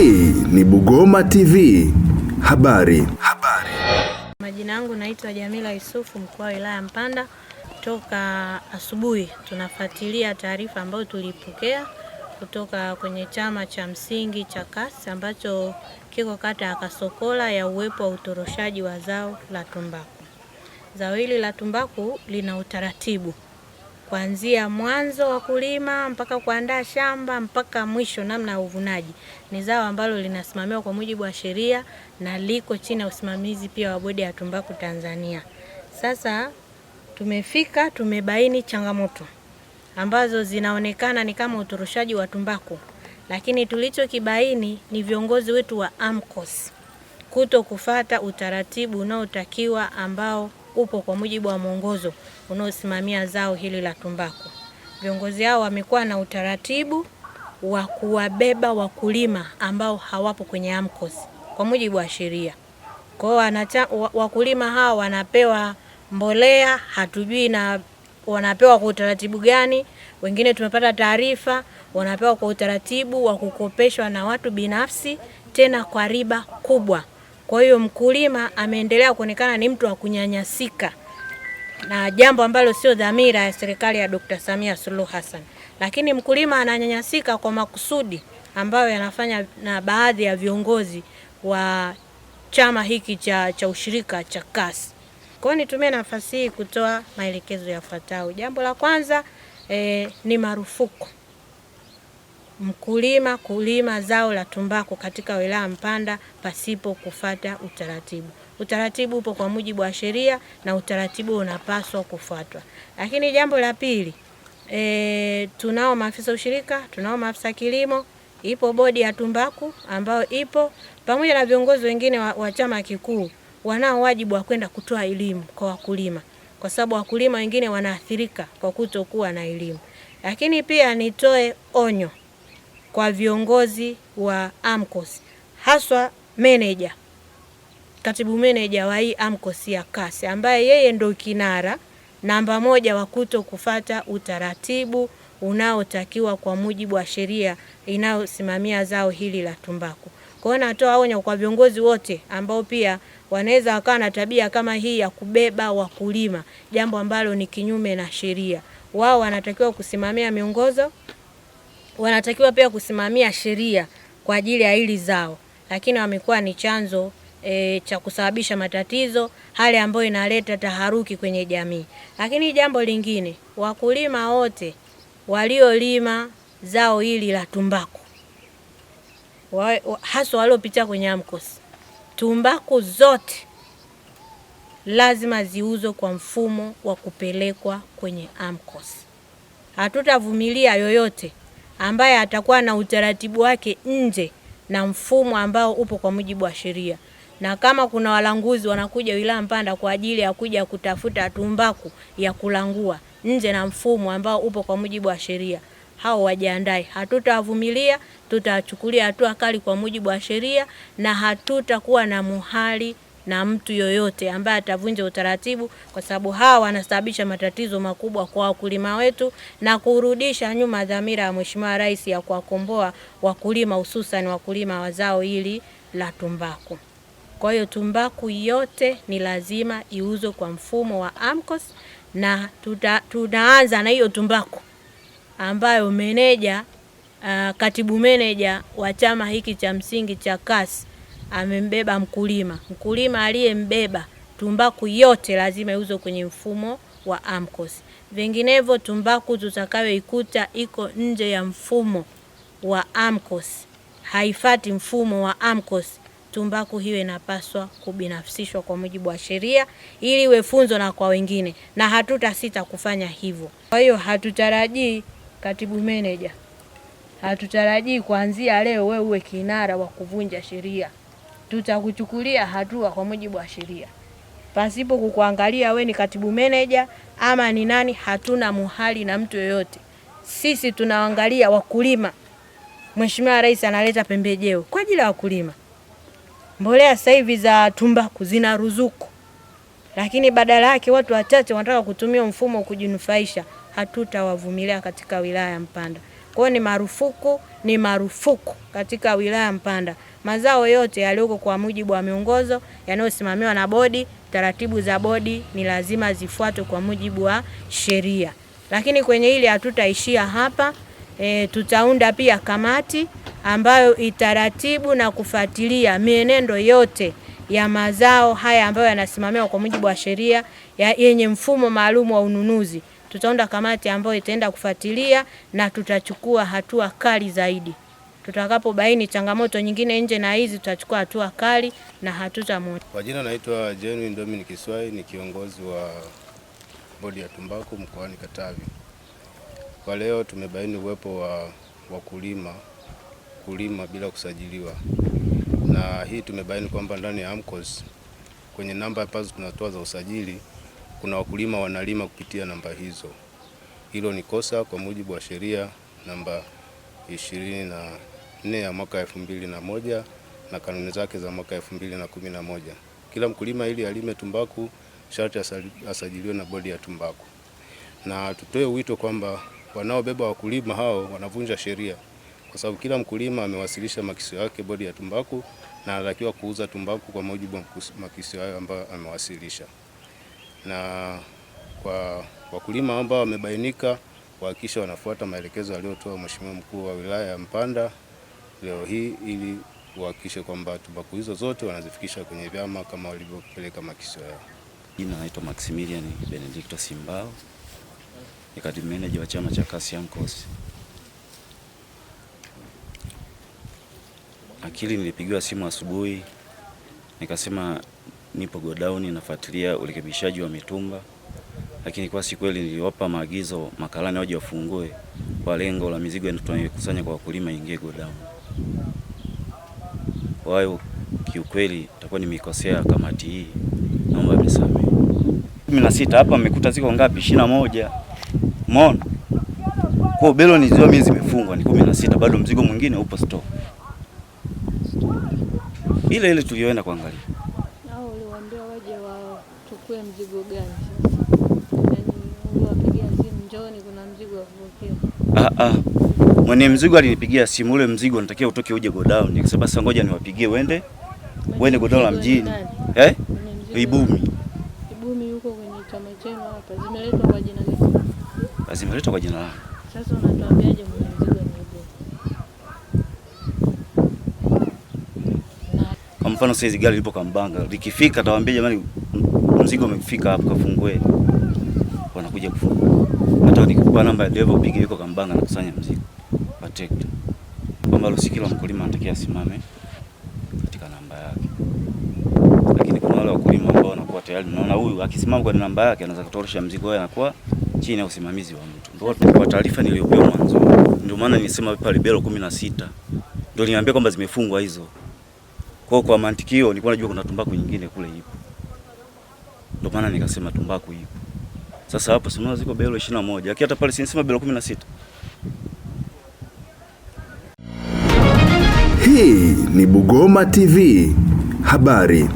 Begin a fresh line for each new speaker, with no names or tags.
Hii ni Bugoma TV. Habari. Habari.
Majina yangu naitwa Jamila Yusufu, mkuu wa wilaya Mpanda. Toka asubuhi tunafuatilia taarifa ambayo tulipokea kutoka kwenye chama cha msingi cha kasi ambacho kiko kata ya Kasokola ya uwepo wa utoroshaji wa zao la tumbaku. Zao hili la tumbaku lina utaratibu kuanzia mwanzo wa kulima mpaka kuandaa shamba mpaka mwisho namna ya uvunaji. Ni zao ambalo linasimamiwa kwa mujibu wa sheria na liko chini ya usimamizi pia wa Bodi ya Tumbaku Tanzania. Sasa tumefika, tumebaini changamoto ambazo zinaonekana ni kama utoroshaji wa tumbaku, lakini tulichokibaini ni viongozi wetu wa AMCOS kuto kufata utaratibu unaotakiwa ambao upo kwa mujibu wa mwongozo unaosimamia zao hili la tumbaku. Viongozi hao wamekuwa na utaratibu wa kuwabeba wakulima ambao hawapo kwenye AMCOS kwa mujibu wa sheria. Kwa hiyo wakulima hao wanapewa mbolea, hatujui na wanapewa kwa utaratibu gani. Wengine tumepata taarifa wanapewa kwa utaratibu wa kukopeshwa na watu binafsi, tena kwa riba kubwa. Kwa hiyo mkulima ameendelea kuonekana ni mtu wa kunyanyasika na jambo ambalo sio dhamira ya serikali ya Dr. Samia Suluhu Hassan, lakini mkulima ananyanyasika kwa makusudi ambayo yanafanya na baadhi ya viongozi wa chama hiki cha, cha ushirika cha CUS. Kwa hiyo nitumie nafasi hii kutoa maelekezo yafuatayo. Jambo la kwanza eh, ni marufuku mkulima kulima zao la tumbaku katika wilaya Mpanda pasipo kufata utaratibu. Utaratibu upo kwa mujibu wa sheria na utaratibu unapaswa kufuatwa. Lakini jambo la pili, e, tunao maafisa ushirika, tunao maafisa kilimo, ipo bodi ya tumbaku ambayo ipo pamoja na viongozi wengine wa, wa chama kikuu wanao wajibu wa kwenda kutoa elimu kwa wakulima, kwa sababu wakulima wengine wanaathirika kwa kutokuwa na elimu. Lakini pia nitoe onyo kwa viongozi wa AMCOS haswa meneja, katibu meneja wa hii AMCOS ya kasi ambaye yeye ndo kinara namba moja wa kuto kufata utaratibu unaotakiwa kwa mujibu wa sheria inayosimamia zao hili la tumbaku. Kwa hiyo natoa onyo kwa viongozi wote ambao pia wanaweza wakawa na tabia kama hii ya kubeba wakulima, jambo ambalo ni kinyume na sheria. Wao wanatakiwa kusimamia miongozo wanatakiwa pia kusimamia sheria kwa ajili ya hili zao, lakini wamekuwa ni chanzo e, cha kusababisha matatizo, hali ambayo inaleta taharuki kwenye jamii. Lakini jambo lingine, wakulima wote waliolima zao hili la tumbaku wa, wa, haswa waliopitia kwenye AMCOS, tumbaku zote lazima ziuzwe kwa mfumo wa kupelekwa kwenye AMCOS. Hatutavumilia yoyote ambaye atakuwa na utaratibu wake nje na mfumo ambao upo kwa mujibu wa sheria. Na kama kuna walanguzi wanakuja wilaya Mpanda kwa ajili ya kuja kutafuta tumbaku ya kulangua nje na mfumo ambao upo kwa mujibu wa sheria, hao wajiandae. Hatutawavumilia, tutawachukulia hatua kali kwa mujibu wa sheria na hatutakuwa na muhali na mtu yoyote ambaye atavunja utaratibu, kwa sababu hawa wanasababisha matatizo makubwa kwa wakulima wetu na kurudisha nyuma dhamira ya Mheshimiwa Rais ya kuwakomboa wakulima, hususan wakulima wa zao hili la tumbaku. Kwa hiyo tumbaku yote ni lazima iuzwe kwa mfumo wa AMCOS na tuta, tunaanza na hiyo tumbaku ambayo meneja uh, katibu meneja wa chama hiki cha msingi cha kasi amembeba mkulima. Mkulima aliyembeba tumbaku yote lazima iuzwe kwenye mfumo wa AMCOS, vinginevyo tumbaku tutakayoikuta iko nje ya mfumo wa AMCOS, haifati mfumo wa AMCOS, tumbaku hiyo inapaswa kubinafsishwa kwa mujibu wa sheria ili iwe funzo na kwa wengine, na hatutasita kufanya hivyo. Kwa hiyo hatutarajii katibu meneja, hatutarajii kuanzia leo wewe uwe kinara wa kuvunja sheria tutakuchukulia hatua kwa mujibu wa sheria pasipo kukuangalia we ni katibu meneja ama ni nani. Hatuna muhali na mtu yoyote, sisi tunaangalia wakulima. Mheshimiwa Rais analeta pembejeo kwa ajili ya wakulima, mbolea sasa hivi za tumbaku zina ruzuku, lakini badala yake watu wachache wanataka kutumia mfumo kujinufaisha. Hatutawavumilia katika wilaya ya Mpanda. Kwa hiyo ni marufuku, ni marufuku katika wilaya Mpanda mazao yote yaliyoko kwa mujibu wa miongozo yanayosimamiwa na bodi. Taratibu za bodi ni lazima zifuatwe kwa mujibu wa sheria, lakini kwenye hili hatutaishia hapa. E, tutaunda pia kamati ambayo itaratibu na kufuatilia mienendo yote ya mazao haya ambayo yanasimamiwa kwa mujibu wa sheria yenye mfumo maalum wa ununuzi tutaunda kamati ambayo itaenda kufuatilia na tutachukua hatua kali zaidi. Tutakapobaini changamoto nyingine nje na hizi, tutachukua hatua kali na hatutamwona.
Kwa jina naitwa Jenwin Dominic Kiswai, ni kiongozi wa bodi ya tumbaku mkoani Katavi. Kwa leo tumebaini uwepo wa wakulima kulima bila kusajiliwa, na hii tumebaini kwamba ndani ya AMCOS kwenye namba ambazo tunatoa za usajili kuna wakulima wanalima kupitia namba hizo. Hilo ni kosa kwa mujibu wa sheria namba 24 ya mwaka 2001 na, na kanuni zake za mwaka 2011. Kila mkulima ili alime tumbaku sharti asajiliwe na bodi ya tumbaku, na tutoe wito kwamba wanaobeba wakulima hao wanavunja sheria, kwa sababu kila mkulima amewasilisha makisio yake bodi ya tumbaku na anatakiwa kuuza tumbaku kwa mujibu wa makisio hayo ambayo amewasilisha na kwa wakulima ambao wamebainika kuhakikisha wanafuata maelekezo aliyotoa Mheshimiwa Mkuu wa Wilaya ya Mpanda leo hii ili kuhakikisha kwamba tumbaku hizo zote wanazifikisha kwenye vyama kama walivyopeleka makisio yao.
Jina naitwa Maximilian Benedicto Simbao, ni kadi manager wa chama cha kasi AMCOS. Akili nilipigiwa simu asubuhi nikasema nipo godown nafuatilia urekebishaji wa mitumba, lakini kwa si kweli niliwapa maagizo makalani waje wafungue kwa lengo la mizigo tunayokusanya kwa wakulima ingie godown. Kwa hiyo kiukweli itakuwa nimekosea kamati hii, naomba mnisamehe. kumi na sita hapa mmekuta ziko ngapi? ishirini na moja. Umeona kwa belo ni zio mimi zimefungwa ni kumi na sita, bado mzigo mwingine upo store ile ile tulioenda kuangalia
uchukue mzigo gani?
Yaani ah, ah. Mwenye mzigo alinipigia simu, ule mzigo unatakiwa utoke uje godown. Nikasema sasa ngoja niwapigie wende wende godown la mjini. Eh? Ibumi.
Ibumi yuko kwenye chama chenu hapa. Zimeletwa kwa jina lako.
Ah, zimeletwa kwa jina lako.
Sasa unatuambiaje mwenye mzigo ni
Ibumi? Kwa mfano sasa gari lipo kwa mbanga Likifika tawaambia jamani mzigo umefika hapo, kafungue, wanakuja kufungua. Hata nikikupa namba ya dereva upige, yuko Kambanga anakusanya mzigo wa trekta, kwamba si kila mkulima anatakiwa asimame katika namba yake, lakini kuna wale wakulima ambao wanakuwa tayari, naona huyu akisimama kwa namba yake anaweza kutorosha mzigo wake, anakuwa chini ya usimamizi wa mtu. Ndio kwa taarifa niliyopewa mwanzo, ndio maana nilisema pipa libero 16 ndio niambia kwamba zimefungwa hizo. Kwa kwa mantiki hiyo nilikuwa najua kuna tumbaku nyingine kule ipo. Ndio maana nikasema tumbaku ipo. Sasa hapo sinaona ziko belo 21. Lakini hata pale sinasema belo 16. Hii ni Bugoma TV. Habari.